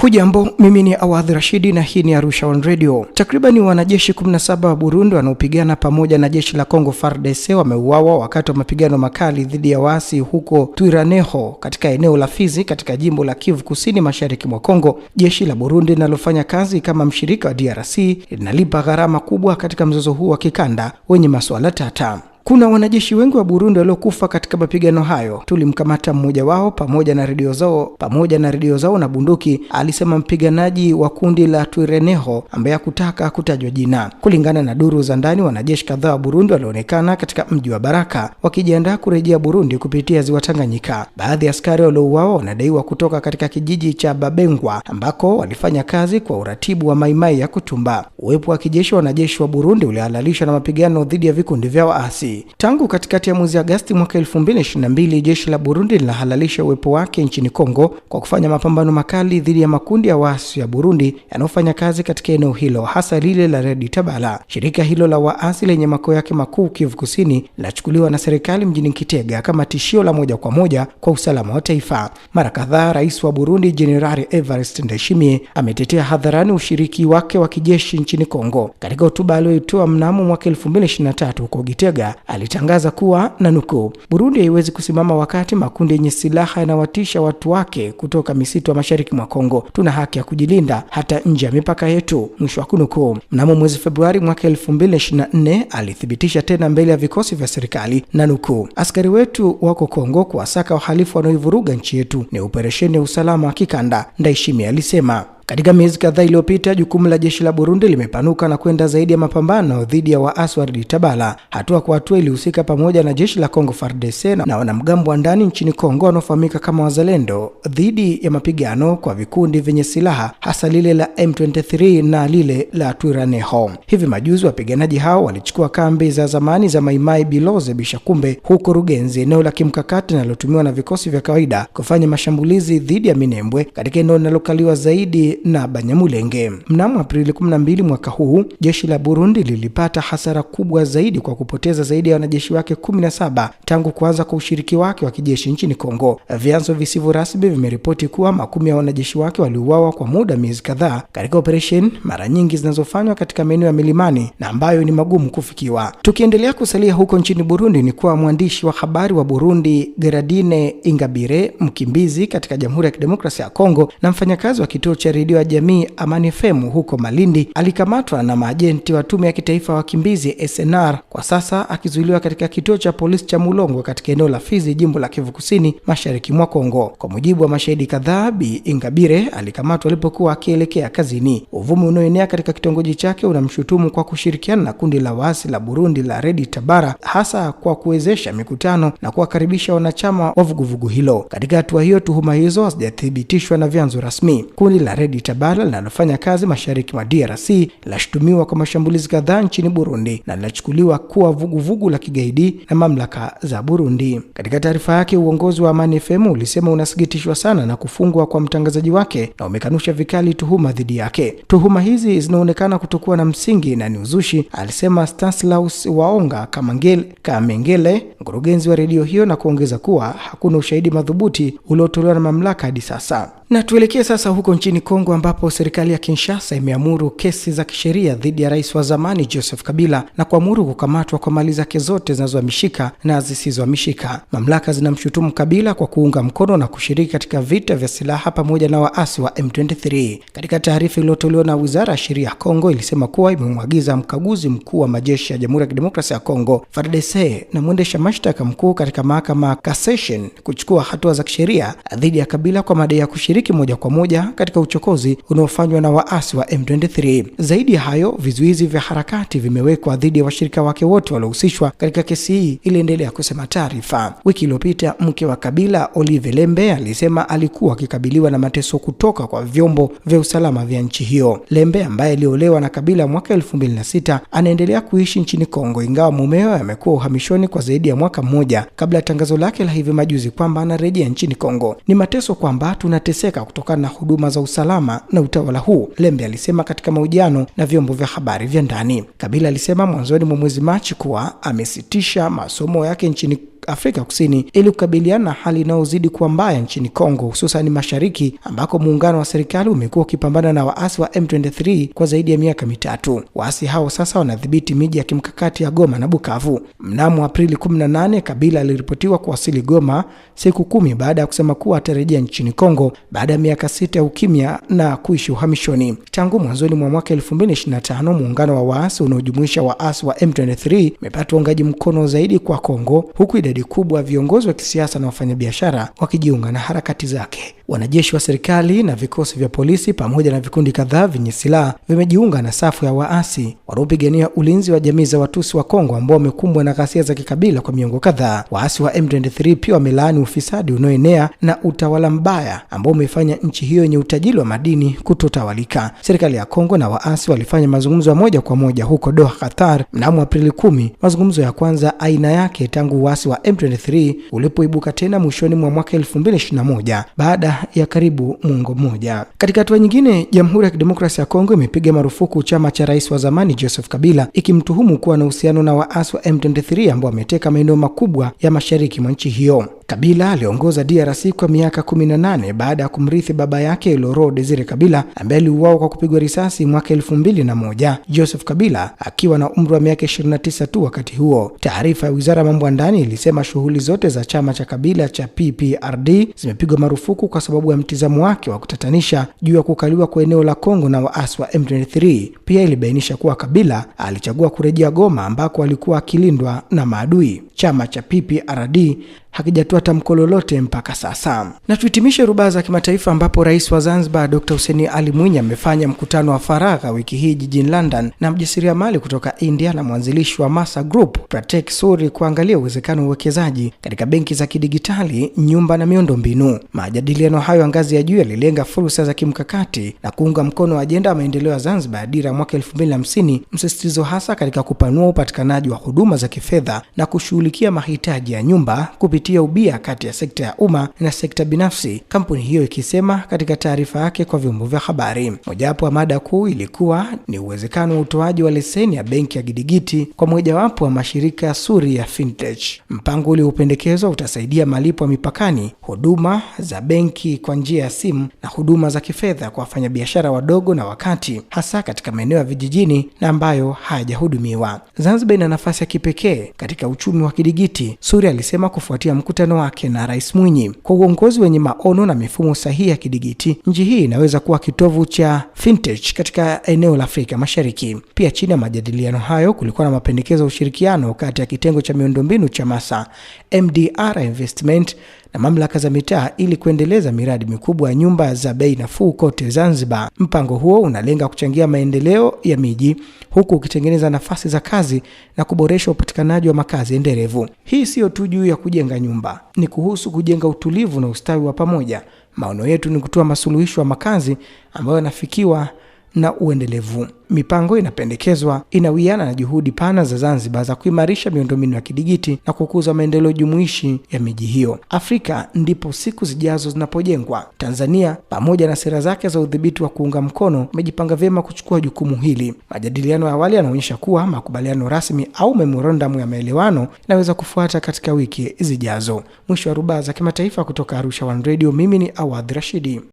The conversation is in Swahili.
Hujambo, mimi ni Awadh Rashidi na hii ni Arusha One Radio. Takriban wanajeshi 17 wa Burundi wanaopigana pamoja na jeshi la Kongo FARDC wameuawa wakati wa mapigano makali dhidi ya waasi huko Twiraneho katika eneo la Fizi katika jimbo la Kivu Kusini Mashariki mwa Kongo. Jeshi la Burundi linalofanya kazi kama mshirika wa DRC linalipa gharama kubwa katika mzozo huu wa kikanda wenye masuala tata. Kuna wanajeshi wengi wa Burundi waliokufa katika mapigano hayo. Tulimkamata mmoja wao pamoja na redio zao pamoja na redio zao na bunduki, alisema mpiganaji wa kundi la Twireneho ambaye hakutaka kutajwa jina. Kulingana na duru za ndani, wanajeshi kadhaa wa Burundi walionekana katika mji wa Baraka wakijiandaa kurejea Burundi kupitia ziwa Tanganyika. Baadhi ya askari waliouawa wanadaiwa kutoka katika kijiji cha Babengwa ambako walifanya kazi kwa uratibu wa maimai ya Kutumba. Uwepo wa kijeshi wa wanajeshi wa Burundi ulihalalishwa na mapigano dhidi ya vikundi vya waasi. Tangu katikati ya mwezi Agasti mwaka 2022 jeshi la Burundi linahalalisha uwepo wake nchini Kongo kwa kufanya mapambano makali dhidi ya makundi ya waasi ya Burundi yanayofanya kazi katika eneo hilo, hasa lile la Redi Tabala. Shirika hilo la waasi lenye makao yake makuu Kivu Kusini linachukuliwa na serikali mjini Kitega kama tishio la moja kwa moja kwa usalama wa taifa. Mara kadhaa rais wa Burundi Jenerali Evarist Ndayishimiye ametetea hadharani ushiriki wake wa kijeshi nchini Kongo. Katika hotuba aliyoitoa mnamo mwaka 2023 huko Gitega, alitangaza kuwa na nukuu, Burundi haiwezi kusimama wakati makundi yenye silaha yanawatisha watu wake kutoka misitu ya mashariki mwa Kongo. Tuna haki ya kujilinda hata nje ya mipaka yetu, mwisho wa kunukuu. Mnamo mwezi Februari mwaka 2024 alithibitisha tena mbele ya vikosi vya serikali na nukuu, askari wetu wako Kongo kuwasaka wahalifu wanaoivuruga nchi yetu, ni operesheni ya usalama wa kikanda, Ndaishimi alisema. Katika miezi kadhaa iliyopita, jukumu la jeshi la Burundi limepanuka na kwenda zaidi ya mapambano dhidi ya waasi wa Tabala. Hatua kwa hatua ilihusika pamoja na jeshi la Kongo FARDC na wanamgambo wa ndani nchini Kongo wanaofahamika kama wazalendo dhidi ya mapigano kwa vikundi vyenye silaha hasa lile la M23 na lile la Twirwaneho. Hivi majuzi wapiganaji hao walichukua kambi za zamani za Maimai Biloze Bishakumbe huko Rugenzi, eneo la kimkakati linalotumiwa na vikosi vya kawaida kufanya mashambulizi dhidi ya Minembwe katika eneo linalokaliwa zaidi na Banyamulenge. Mnamo Aprili 12 mwaka huu, jeshi la Burundi lilipata hasara kubwa zaidi kwa kupoteza zaidi ya wanajeshi wake 17 tangu kuanza kwa ushiriki wake wa kijeshi nchini Kongo. Vyanzo visivyo rasmi vimeripoti kuwa makumi ya wanajeshi wake waliuawa kwa muda miezi kadhaa katika operesheni mara nyingi zinazofanywa katika maeneo ya milimani na ambayo ni magumu kufikiwa. Tukiendelea kusalia huko nchini Burundi, ni kuwa mwandishi wa habari wa Burundi Geradine Ingabire, mkimbizi katika Jamhuri ya Kidemokrasia ya Kongo na mfanyakazi wa kituo cha redio ya jamii Amani FM huko Malindi alikamatwa na maajenti wa tume ya kitaifa ya wakimbizi SNR. Kwa sasa akizuiliwa katika kituo cha polisi cha Mulongo katika eneo la Fizi, jimbo la Kivu Kusini, mashariki mwa Kongo. Kwa mujibu wa mashahidi kadhaa, Bi Ingabire alikamatwa alipokuwa akielekea kazini. Uvumi unaoenea katika kitongoji chake unamshutumu kwa kushirikiana na kundi la waasi la Burundi la Redi Tabara, hasa kwa kuwezesha mikutano na kuwakaribisha wanachama wa vuguvugu hilo. Katika hatua hiyo, tuhuma hizo hazijathibitishwa na vyanzo rasmi. Kundi la Redi Fred Tabala linalofanya kazi mashariki mwa DRC linashutumiwa kwa mashambulizi kadhaa nchini Burundi na linachukuliwa kuwa vuguvugu vugu la kigaidi na mamlaka za Burundi. Katika taarifa yake, uongozi wa Amani FM ulisema unasikitishwa sana na kufungwa kwa mtangazaji wake na umekanusha vikali tuhuma dhidi yake. Tuhuma hizi zinaonekana kutokuwa na msingi na ni uzushi, alisema Stanislaus Waonga Kamangele, Kamengele, mkurugenzi wa redio hiyo, na kuongeza kuwa hakuna ushahidi madhubuti uliotolewa na mamlaka hadi sasa. Na tuelekee sasa huko nchini Kongo ambapo serikali ya Kinshasa imeamuru kesi za kisheria dhidi ya rais wa zamani Joseph Kabila na kuamuru kukamatwa kwa mali zake zote zinazohamishika na zisizohamishika. Mamlaka zinamshutumu Kabila kwa kuunga mkono na kushiriki katika vita vya silaha pamoja na waasi wa M23. Katika taarifa iliyotolewa na Wizara ya Sheria ya Kongo ilisema kuwa imemwagiza mkaguzi mkuu wa majeshi ya Jamhuri ya Kidemokrasia ya Kongo FARDC na mwendesha mashtaka mkuu katika mahakama Cassation kuchukua hatua za kisheria dhidi ya Kabila kwa madai ya kushiriki kushiriki moja kwa moja katika uchokozi unaofanywa na waasi wa M23. Zaidi ya hayo, vizuizi vya harakati vimewekwa dhidi ya washirika wake wote waliohusishwa katika kesi hii, iliendelea kusema taarifa. Wiki iliyopita mke wa Kabila Olive Lembe alisema alikuwa akikabiliwa na mateso kutoka kwa vyombo vya usalama vya nchi hiyo. Lembe ambaye aliolewa na Kabila mwaka 2006 anaendelea kuishi nchini Kongo, ingawa mumeo amekuwa uhamishoni kwa zaidi ya mwaka mmoja kabla ya tangazo lake la hivi majuzi kwamba anarejea nchini Kongo. Ni mateso kwamba tunateseka kuongezeka kutokana na huduma za usalama na utawala huu, Lembe alisema katika mahojiano na vyombo vya habari vya ndani. Kabila alisema mwanzoni mwa mwezi Machi kuwa amesitisha masomo yake nchini Afrika Kusini ili kukabiliana na hali inayozidi kuwa mbaya nchini Kongo, hususan mashariki ambako muungano wa serikali umekuwa ukipambana na waasi wa M23 kwa zaidi ya miaka mitatu. Waasi hao sasa wanadhibiti miji ya kimkakati ya Goma na Bukavu. Mnamo Aprili 18, Kabila aliripotiwa kuwasili Goma siku kumi baada ya kusema kuwa atarejea nchini Kongo baada ya miaka sita ya ukimya na kuishi uhamishoni. Tangu mwanzoni mwa mwaka 2025, muungano wa waasi unaojumuisha waasi wa M23 umepata uungaji mkono zaidi kwa Kongo huku idadi kubwa viongozi wa kisiasa na wafanyabiashara wakijiunga na harakati zake. Wanajeshi wa serikali na vikosi vya polisi pamoja na vikundi kadhaa vyenye silaha vimejiunga na safu ya waasi wanaopigania ulinzi wa jamii za Watusi wa Kongo ambao wamekumbwa na ghasia za kikabila kwa miongo kadhaa. Waasi wa M23 pia wamelaani ufisadi unaoenea na utawala mbaya ambao umefanya nchi hiyo yenye utajiri wa madini kutotawalika. Serikali ya Kongo na waasi walifanya mazungumzo ya moja kwa moja huko Doha, Qatar mnamo Aprili kumi, mazungumzo ya kwanza aina yake tangu uasi wa M23 ulipoibuka tena mwishoni mwa mwaka 2021 baada ya karibu muongo mmoja. Katika hatua nyingine, Jamhuri ya Kidemokrasia ya Kongo imepiga marufuku chama cha rais wa zamani Joseph Kabila, ikimtuhumu kuwa na uhusiano na waasi wa M23 ambao wameteka maeneo makubwa ya mashariki mwa nchi hiyo. Kabila aliongoza DRC kwa miaka 18 baada ya kumrithi baba yake Loro Desire Kabila ambaye aliuawa kwa kupigwa risasi mwaka moja, Joseph Kabila akiwa na umri wa miaka 29 tu wakati huo. Taarifa ya Wizara ya Mambo ya Ndani ilisema shughuli zote za chama cha Kabila cha PPRD zimepigwa marufuku kwa sababu ya mtizamo wake wa kutatanisha juu ya kukaliwa kwa eneo la Kongo na waasi wa M23. Pia ilibainisha kuwa Kabila alichagua kurejea Goma ambako alikuwa akilindwa na maadui. Chama cha PPRD hakijatoa tamko lolote mpaka sasa. Na tuhitimishe rubaa za kimataifa, ambapo rais wa Zanzibar Dr Hussein Ali Mwinyi amefanya mkutano wa faragha wiki hii jijini London na mjasiriamali kutoka India na mwanzilishi wa Masa Group Pratek Suri kuangalia uwezekano wa uwekezaji katika benki za kidigitali, nyumba na miundo mbinu. Majadiliano hayo ya ngazi ya juu yalilenga fursa za kimkakati na kuunga mkono wa ajenda ya maendeleo ya Zanzibar ya dira mwaka 2050, msisitizo hasa katika kupanua upatikanaji wa huduma za kifedha na kushughulikia mahitaji ya nyumba kupitia kupitia ubia kati ya sekta ya umma na sekta binafsi, kampuni hiyo ikisema katika taarifa yake kwa vyombo vya habari. Mojawapo ya mada kuu ilikuwa ni uwezekano wa utoaji wa leseni ya benki ya Gidigiti kwa mojawapo wa mashirika ya suri ya fintech. Mpango uliopendekezwa utasaidia malipo ya mipakani, huduma za benki kwa njia ya simu na huduma za kifedha kwa wafanyabiashara wadogo na wakati, hasa katika maeneo ya vijijini na ambayo hayajahudumiwa. Zanzibar ina nafasi ya kipekee katika uchumi wa kidigiti, Suri alisema kufuatia ya mkutano wake na Rais Mwinyi. Kwa uongozi wenye maono na mifumo sahihi ya kidigiti, nchi hii inaweza kuwa kitovu cha fintech katika eneo la Afrika Mashariki. Pia chini ya majadiliano hayo, kulikuwa na mapendekezo ya ushirikiano kati ya kitengo cha miundombinu cha Masa MDR Investment na mamlaka za mitaa ili kuendeleza miradi mikubwa ya nyumba za bei nafuu kote Zanzibar. Mpango huo unalenga kuchangia maendeleo ya miji huku ukitengeneza nafasi za kazi na kuboresha upatikanaji wa makazi endelevu. Hii siyo tu juu ya kujenga nyumba, ni kuhusu kujenga utulivu na ustawi wa pamoja. Maono yetu ni kutoa masuluhisho ya makazi ambayo yanafikiwa na uendelevu. Mipango inapendekezwa inawiana na juhudi pana za Zanzibar za kuimarisha miundombinu ya kidigiti na kukuza maendeleo jumuishi ya miji hiyo. Afrika ndipo siku zijazo zinapojengwa. Tanzania pamoja na sera zake za udhibiti wa kuunga mkono imejipanga vyema kuchukua jukumu hili. Majadiliano ya awali yanaonyesha kuwa makubaliano rasmi au memorondamu ya maelewano inaweza kufuata katika wiki zijazo. Mwisho wa rubaa za kimataifa kutoka Arusha One Radio, mimi ni Awadh Rashidi.